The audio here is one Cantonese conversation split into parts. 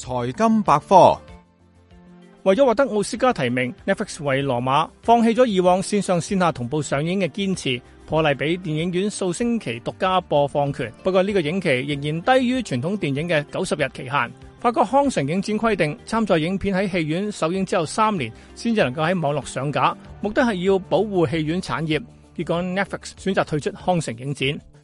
財金百科，為咗獲得奧斯卡提名，Netflix 為《羅馬》放棄咗以往線上線下同步上映嘅堅持，破例俾電影院數星期獨家播放權。不過呢個影期仍然低於傳統電影嘅九十日期限。法國康城影展規定，參賽影片喺戲院首映之後三年，先至能夠喺網絡上架，目的係要保護戲院產業。結果 Netflix 選擇退出康城影展。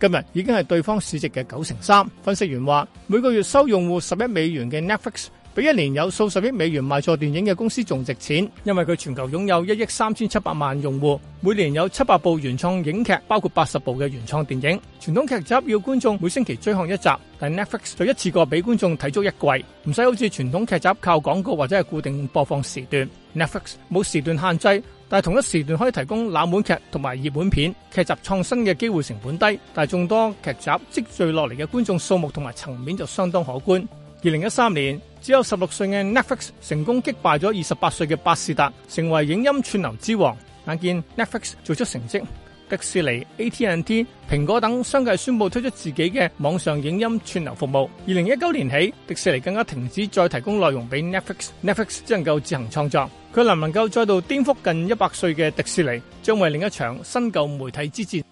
今日已經係對方市值嘅九成三。分析員話：每個月收用戶十一美元嘅 Netflix，比一年有數十億美元賣錯電影嘅公司仲值錢，因為佢全球擁有一億三千七百萬用戶，每年有七百部原創影劇，包括八十部嘅原創電影。傳統劇集要觀眾每星期追看一集，但 Netflix 就一次過俾觀眾睇足一季，唔使好似傳統劇集靠廣告或者係固定播放時段。Netflix 冇時段限制。但同一時段可以提供冷門劇同埋熱門片劇集創新嘅機會成本低，但眾多劇集積聚落嚟嘅觀眾數目同埋層面就相當可觀。二零一三年，只有十六歲嘅 Netflix 成功擊敗咗二十八歲嘅百事達，成為影音串流之王。眼見 Netflix 做出成績。迪士尼、AT&T、蘋果等相繼宣布推出自己嘅網上影音串流服務。二零一九年起，迪士尼更加停止再提供內容俾 Net Netflix，Netflix 只能夠自行創作。佢能唔能夠再度顛覆近一百歲嘅迪士尼，將為另一場新舊媒體之戰？